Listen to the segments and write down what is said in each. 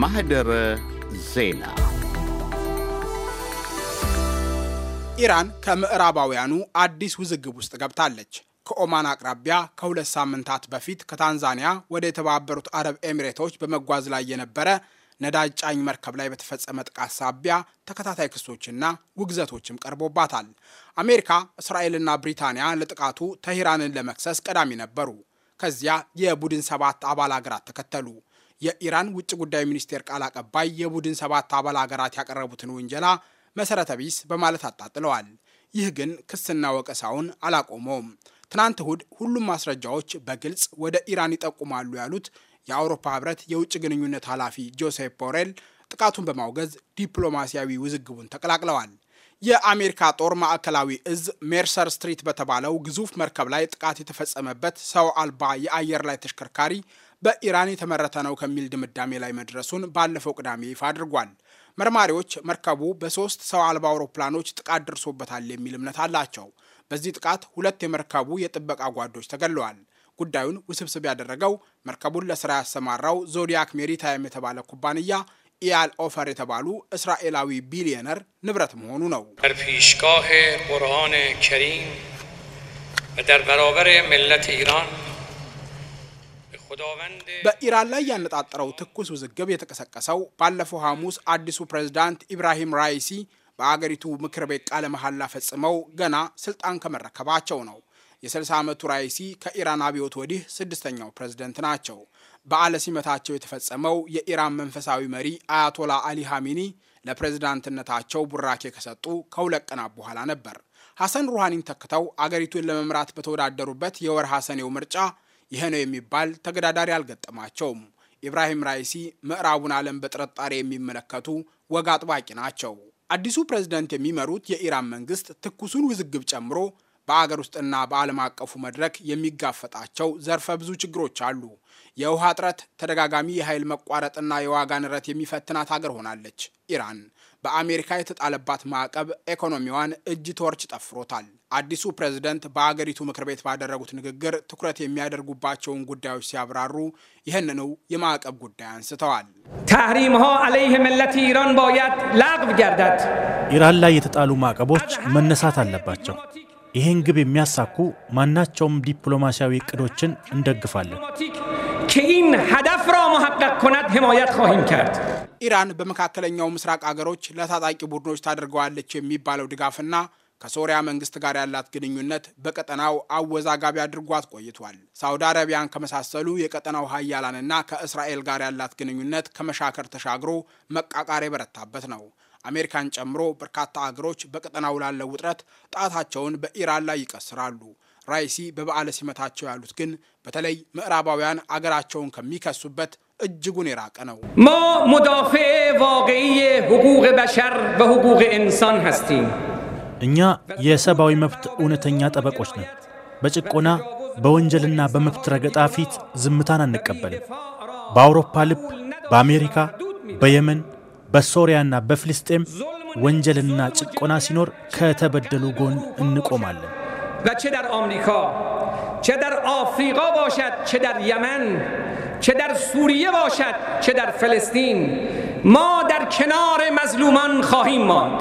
ማህደረ ዜና ኢራን ከምዕራባውያኑ አዲስ ውዝግብ ውስጥ ገብታለች። ከኦማን አቅራቢያ ከሁለት ሳምንታት በፊት ከታንዛኒያ ወደ የተባበሩት አረብ ኤሚሬቶች በመጓዝ ላይ የነበረ ነዳጅ ጫኝ መርከብ ላይ በተፈጸመ ጥቃት ሳቢያ ተከታታይ ክሶችና ውግዘቶችም ቀርቦባታል። አሜሪካ፣ እስራኤልና ብሪታንያ ለጥቃቱ ተሂራንን ለመክሰስ ቀዳሚ ነበሩ። ከዚያ የቡድን ሰባት አባል አገራት ተከተሉ። የኢራን ውጭ ጉዳይ ሚኒስቴር ቃል አቀባይ የቡድን ሰባት አባል አገራት ያቀረቡትን ውንጀላ መሰረተ ቢስ በማለት አጣጥለዋል። ይህ ግን ክስና ወቀሳውን አላቆመውም። ትናንት እሁድ ሁሉም ማስረጃዎች በግልጽ ወደ ኢራን ይጠቁማሉ ያሉት የአውሮፓ ህብረት የውጭ ግንኙነት ኃላፊ ጆሴፕ ቦሬል ጥቃቱን በማውገዝ ዲፕሎማሲያዊ ውዝግቡን ተቀላቅለዋል። የአሜሪካ ጦር ማዕከላዊ እዝ ሜርሰር ስትሪት በተባለው ግዙፍ መርከብ ላይ ጥቃት የተፈጸመበት ሰው አልባ የአየር ላይ ተሽከርካሪ በኢራን የተመረተ ነው ከሚል ድምዳሜ ላይ መድረሱን ባለፈው ቅዳሜ ይፋ አድርጓል። መርማሪዎች መርከቡ በሶስት ሰው አልባ አውሮፕላኖች ጥቃት ደርሶበታል የሚል እምነት አላቸው። በዚህ ጥቃት ሁለት የመርከቡ የጥበቃ ጓዶች ተገለዋል። ጉዳዩን ውስብስብ ያደረገው መርከቡን ለስራ ያሰማራው ዞዲያክ ሜሪታይም የተባለ ኩባንያ ኢያል ኦፈር የተባሉ እስራኤላዊ ቢሊዮነር ንብረት መሆኑ ነው። در پیشگاه ከሪም کریم በራበር در ኢራን በኢራን ላይ ያነጣጠረው ትኩስ ውዝግብ የተቀሰቀሰው ባለፈው ሐሙስ አዲሱ ፕሬዝዳንት ኢብራሂም ራይሲ በአገሪቱ ምክር ቤት ቃለ መሐላ ፈጽመው ገና ስልጣን ከመረከባቸው ነው። የ60 ዓመቱ ራይሲ ከኢራን አብዮት ወዲህ ስድስተኛው ፕሬዝደንት ናቸው። በዓለ ሲመታቸው የተፈጸመው የኢራን መንፈሳዊ መሪ አያቶላ አሊ ሐሚኒ ለፕሬዝዳንትነታቸው ቡራኬ ከሰጡ ከሁለት ቀናት በኋላ ነበር። ሐሰን ሩሃኒን ተክተው አገሪቱን ለመምራት በተወዳደሩበት የወርሃ ሰኔው ምርጫ ይሄ ነው የሚባል ተገዳዳሪ አልገጠማቸውም። ኢብራሂም ራይሲ ምዕራቡን ዓለም በጥርጣሬ የሚመለከቱ ወግ አጥባቂ ናቸው። አዲሱ ፕሬዝደንት የሚመሩት የኢራን መንግስት ትኩሱን ውዝግብ ጨምሮ በአገር ውስጥና በዓለም አቀፉ መድረክ የሚጋፈጣቸው ዘርፈ ብዙ ችግሮች አሉ። የውሃ እጥረት፣ ተደጋጋሚ የኃይል መቋረጥና የዋጋ ንረት የሚፈትናት አገር ሆናለች ኢራን። በአሜሪካ የተጣለባት ማዕቀብ ኢኮኖሚዋን እጅ ተወርች ጠፍሮታል። አዲሱ ፕሬዝደንት በአገሪቱ ምክር ቤት ባደረጉት ንግግር ትኩረት የሚያደርጉባቸውን ጉዳዮች ሲያብራሩ ይህንኑ የማዕቀብ ጉዳይ አንስተዋል። ታህሪም ሆ አለይህ ኢራን ባያት ላቅብ ጃርዳት ኢራን ላይ የተጣሉ ማዕቀቦች መነሳት አለባቸው። ይህን ግብ የሚያሳኩ ማናቸውም ዲፕሎማሲያዊ እቅዶችን እንደግፋለን። ኢራን በመካከለኛው ምስራቅ አገሮች ለታጣቂ ቡድኖች ታደርገዋለች የሚባለው ድጋፍና ከሶሪያ መንግስት ጋር ያላት ግንኙነት በቀጠናው አወዛጋቢ አድርጓት ቆይቷል። ሳውዲ አረቢያን ከመሳሰሉ የቀጠናው ሀያላንና ከእስራኤል ጋር ያላት ግንኙነት ከመሻከር ተሻግሮ መቃቃር የበረታበት ነው። አሜሪካን ጨምሮ በርካታ አገሮች በቀጠናው ላለው ውጥረት ጣታቸውን በኢራን ላይ ይቀስራሉ። ራይሲ በበዓለ ሲመታቸው ያሉት ግን በተለይ ምዕራባውያን አገራቸውን ከሚከሱበት እጅጉን የራቀ ነው። ሞ ሙዳፌ ዋቅይ ሁቁቅ በሸር ወሁቁቅ ኢንሳን ሀስቲ እኛ የሰብአዊ መብት እውነተኛ ጠበቆች ነን። በጭቆና በወንጀልና በመብት ረገጣ ፊት ዝምታን አንቀበልም። በአውሮፓ ልብ፣ በአሜሪካ፣ በየመን በሶሪያና በፍልስጤም ወንጀልና ጭቆና ሲኖር ከተበደሉ ጎን እንቆማለን። ቸ ዳር አምሪካ ቸ ዳር አፍሪቃ ባሸድ ቸ ዳር የመን ቸ ዳር ሱሪየ ባሸድ ቸ ዳር ፍልስጢን ማ ዳር ከናር መዝሉማን ኻሂም ማንድ።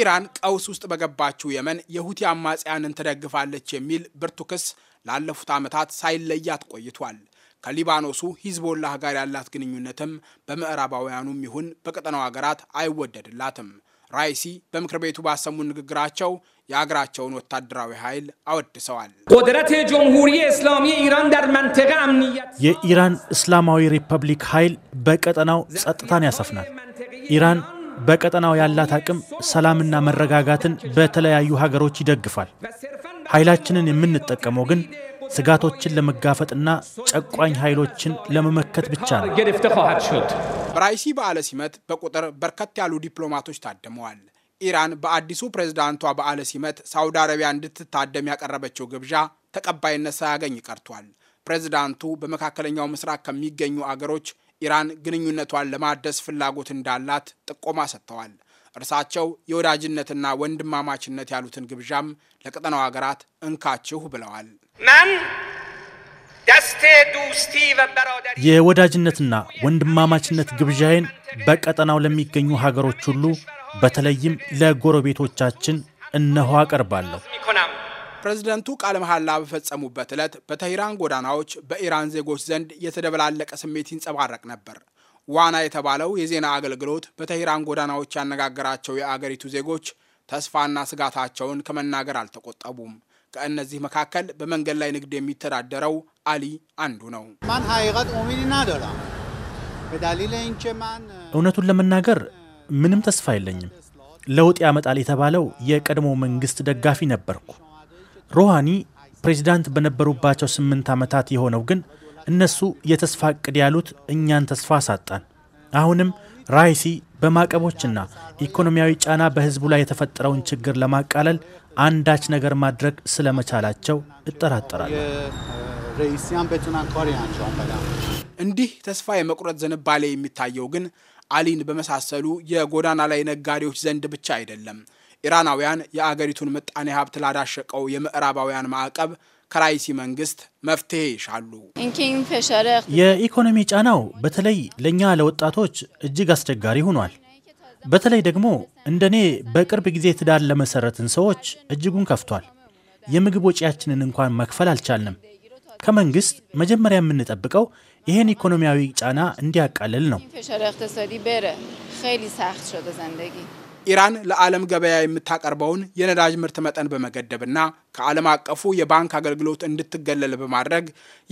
ኢራን ቀውስ ውስጥ በገባችው የመን የሁቲ አማጽያንን ትደግፋለች የሚል ብርቱ ክስ ላለፉት ዓመታት ሳይለያት ቆይቷል። ከሊባኖሱ ሂዝቦላህ ጋር ያላት ግንኙነትም በምዕራባውያኑም ይሁን በቀጠናው ሀገራት አይወደድላትም። ራይሲ በምክር ቤቱ ባሰሙ ንግግራቸው የአገራቸውን ወታደራዊ ኃይል አወድሰዋል። የኢራን እስላማዊ ሪፐብሊክ ኃይል በቀጠናው ጸጥታን ያሰፍናል። ኢራን በቀጠናው ያላት አቅም ሰላምና መረጋጋትን በተለያዩ ሀገሮች ይደግፋል። ኃይላችንን የምንጠቀመው ግን ስጋቶችን ለመጋፈጥና ጨቋኝ ኃይሎችን ለመመከት ብቻ ነው። ራይሲ በዓለ ሲመት በቁጥር በርከት ያሉ ዲፕሎማቶች ታድመዋል። ኢራን በአዲሱ ፕሬዝዳንቷ በዓለ ሲመት ሳውዲ አረቢያ እንድትታደም ያቀረበችው ግብዣ ተቀባይነት ሳያገኝ ቀርቷል። ፕሬዝዳንቱ በመካከለኛው ምስራቅ ከሚገኙ አገሮች ኢራን ግንኙነቷን ለማደስ ፍላጎት እንዳላት ጥቆማ ሰጥተዋል። እርሳቸው የወዳጅነትና ወንድማማችነት ያሉትን ግብዣም ለቀጠናው ሀገራት እንካችሁ ብለዋል። የወዳጅነትና ወንድማማችነት ግብዣዬን በቀጠናው ለሚገኙ ሀገሮች ሁሉ በተለይም ለጎረቤቶቻችን እነሆ አቀርባለሁ። ፕሬዝደንቱ ቃለ መሐላ በፈጸሙበት ዕለት በተሂራን ጎዳናዎች በኢራን ዜጎች ዘንድ የተደበላለቀ ስሜት ይንጸባረቅ ነበር። ዋና የተባለው የዜና አገልግሎት በተሄራን ጎዳናዎች ያነጋገራቸው የአገሪቱ ዜጎች ተስፋና ስጋታቸውን ከመናገር አልተቆጠቡም። ከእነዚህ መካከል በመንገድ ላይ ንግድ የሚተዳደረው አሊ አንዱ ነው። እውነቱን ለመናገር ምንም ተስፋ የለኝም። ለውጥ ያመጣል የተባለው የቀድሞ መንግስት ደጋፊ ነበርኩ። ሮሃኒ ፕሬዚዳንት በነበሩባቸው ስምንት ዓመታት የሆነው ግን እነሱ የተስፋ እቅድ ያሉት እኛን ተስፋ አሳጣን። አሁንም ራይሲ በማዕቀቦችና ኢኮኖሚያዊ ጫና በህዝቡ ላይ የተፈጠረውን ችግር ለማቃለል አንዳች ነገር ማድረግ ስለመቻላቸው እጠራጠራል። እንዲህ ተስፋ የመቁረጥ ዝንባሌ የሚታየው ግን አሊን በመሳሰሉ የጎዳና ላይ ነጋዴዎች ዘንድ ብቻ አይደለም። ኢራናውያን የአገሪቱን ምጣኔ ሀብት ላዳሸቀው የምዕራባውያን ማዕቀብ ከራይሲ መንግስት መፍትሄ ይሻሉ። የኢኮኖሚ ጫናው በተለይ ለእኛ ለወጣቶች እጅግ አስቸጋሪ ሆኗል። በተለይ ደግሞ እንደኔ በቅርብ ጊዜ ትዳር ለመሰረትን ሰዎች እጅጉን ከፍቷል። የምግብ ወጪያችንን እንኳን መክፈል አልቻልንም። ከመንግስት መጀመሪያ የምንጠብቀው ይህን ኢኮኖሚያዊ ጫና እንዲያቃልል ነው። ኢራን ለዓለም ገበያ የምታቀርበውን የነዳጅ ምርት መጠን በመገደብና ከዓለም አቀፉ የባንክ አገልግሎት እንድትገለል በማድረግ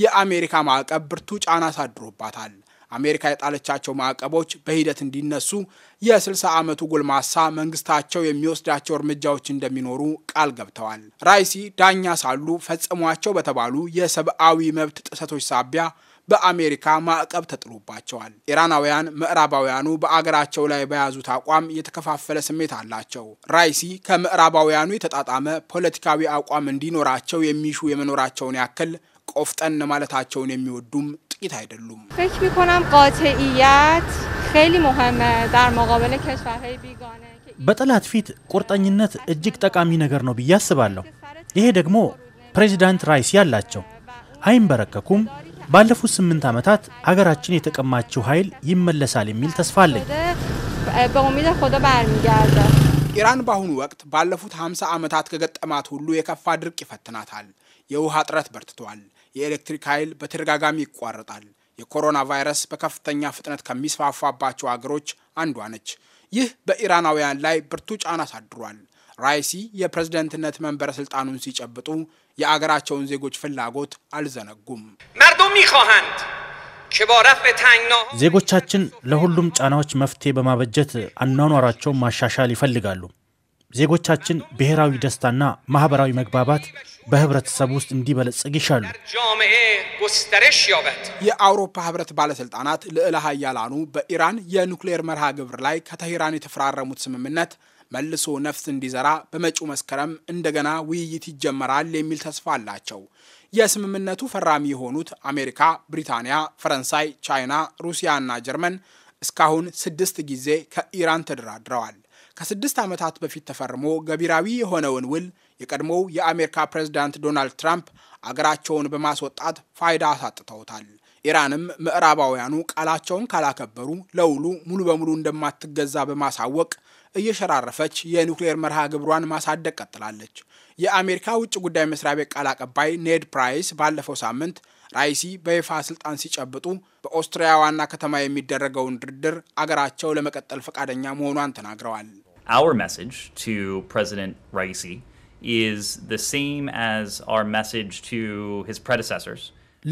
የአሜሪካ ማዕቀብ ብርቱ ጫና አሳድሮባታል። አሜሪካ የጣለቻቸው ማዕቀቦች በሂደት እንዲነሱ የ60 ዓመቱ ጎልማሳ መንግስታቸው የሚወስዳቸው እርምጃዎች እንደሚኖሩ ቃል ገብተዋል። ራይሲ ዳኛ ሳሉ ፈጽሟቸው በተባሉ የሰብአዊ መብት ጥሰቶች ሳቢያ በአሜሪካ ማዕቀብ ተጥሎባቸዋል። ኢራናውያን ምዕራባውያኑ በአገራቸው ላይ በያዙት አቋም የተከፋፈለ ስሜት አላቸው። ራይሲ ከምዕራባውያኑ የተጣጣመ ፖለቲካዊ አቋም እንዲኖራቸው የሚሹ የመኖራቸውን ያክል ቆፍጠን ማለታቸውን የሚወዱም ጥቂት አይደሉም። በጠላት ፊት ቁርጠኝነት እጅግ ጠቃሚ ነገር ነው ብዬ አስባለሁ። ይሄ ደግሞ ፕሬዚዳንት ራይሲ አላቸው። አይንበረከኩም ባለፉት ስምንት ዓመታት አገራችን የተቀማችው ኃይል ይመለሳል የሚል ተስፋ አለኝ። ኢራን በአሁኑ ወቅት ባለፉት 50 ዓመታት ከገጠማት ሁሉ የከፋ ድርቅ ይፈትናታል። የውሃ እጥረት በርትቷል። የኤሌክትሪክ ኃይል በተደጋጋሚ ይቋረጣል። የኮሮና ቫይረስ በከፍተኛ ፍጥነት ከሚስፋፋባቸው አገሮች አንዷ ነች። ይህ በኢራናውያን ላይ ብርቱ ጫና አሳድሯል። ራይሲ የፕሬዝደንትነት መንበረ ስልጣኑን ሲጨብጡ የአገራቸውን ዜጎች ፍላጎት አልዘነጉም። ዜጎቻችን ለሁሉም ጫናዎች መፍትሄ በማበጀት አኗኗራቸውን ማሻሻል ይፈልጋሉ። ዜጎቻችን ብሔራዊ ደስታና ማህበራዊ መግባባት በህብረተሰብ ውስጥ እንዲበለጽግ ይሻሉ። የአውሮፓ ህብረት ባለስልጣናት ልዕለ ሀያላኑ በኢራን የኑክሌር መርሃ ግብር ላይ ከተሄራን የተፈራረሙት ስምምነት መልሶ ነፍስ እንዲዘራ በመጪው መስከረም እንደገና ውይይት ይጀመራል የሚል ተስፋ አላቸው። የስምምነቱ ፈራሚ የሆኑት አሜሪካ፣ ብሪታንያ፣ ፈረንሳይ፣ ቻይና፣ ሩሲያ እና ጀርመን እስካሁን ስድስት ጊዜ ከኢራን ተደራድረዋል። ከስድስት ዓመታት በፊት ተፈርሞ ገቢራዊ የሆነውን ውል የቀድሞው የአሜሪካ ፕሬዝዳንት ዶናልድ ትራምፕ አገራቸውን በማስወጣት ፋይዳ አሳጥተውታል። ኢራንም ምዕራባውያኑ ቃላቸውን ካላከበሩ ለውሉ ሙሉ በሙሉ እንደማትገዛ በማሳወቅ እየሸራረፈች የኒውክሌር መርሃ ግብሯን ማሳደግ ቀጥላለች። የአሜሪካ ውጭ ጉዳይ መስሪያ ቤት ቃል አቀባይ ኔድ ፕራይስ ባለፈው ሳምንት ራይሲ በይፋ ስልጣን ሲጨብጡ በኦስትሪያ ዋና ከተማ የሚደረገውን ድርድር አገራቸው ለመቀጠል ፈቃደኛ መሆኗን ተናግረዋል። Our message to President Raisi is the same as our message to his predecessors.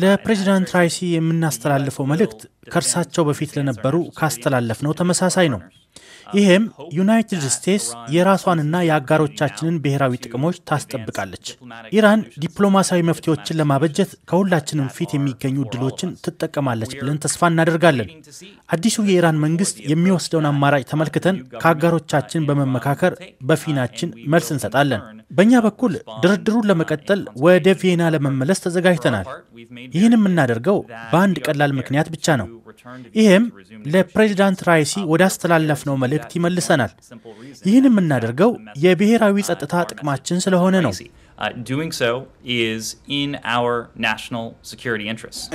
ለፕሬዚዳንት ራይሲ የምናስተላልፈው መልእክት ከእርሳቸው በፊት ለነበሩ ካስተላለፍነው ተመሳሳይ ነው። ይህም ዩናይትድ ስቴትስ የራሷንና የአጋሮቻችንን ብሔራዊ ጥቅሞች ታስጠብቃለች። ኢራን ዲፕሎማሲያዊ መፍትሄዎችን ለማበጀት ከሁላችንም ፊት የሚገኙ እድሎችን ትጠቀማለች ብለን ተስፋ እናደርጋለን። አዲሱ የኢራን መንግስት የሚወስደውን አማራጭ ተመልክተን ከአጋሮቻችን በመመካከር በፊናችን መልስ እንሰጣለን። በእኛ በኩል ድርድሩን ለመቀጠል ወደ ቪየና ለመመለስ ተዘጋጅተናል። ይህን የምናደርገው በአንድ ቀላል ምክንያት ብቻ ነው። ይህም ለፕሬዚዳንት ራይሲ ወደ አስተላለፍነው መልእክት ይመልሰናል። ይህን የምናደርገው የብሔራዊ ጸጥታ ጥቅማችን ስለሆነ ነው።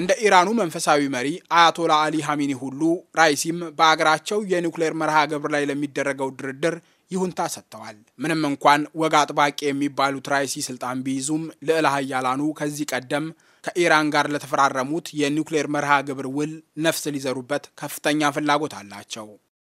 እንደ ኢራኑ መንፈሳዊ መሪ አያቶላ አሊ ሀሚኒ ሁሉ ራይሲም በአገራቸው የኒውክሌር መርሃ ግብር ላይ ለሚደረገው ድርድር ይሁንታ ሰጥተዋል። ምንም እንኳን ወግ አጥባቂ የሚባሉት ራይሲ ስልጣን ቢይዙም ልዕለ ሀያላኑ ከዚህ ቀደም ከኢራን ጋር ለተፈራረሙት የኒውክሌር መርሃ ግብር ውል ነፍስ ሊዘሩበት ከፍተኛ ፍላጎት አላቸው።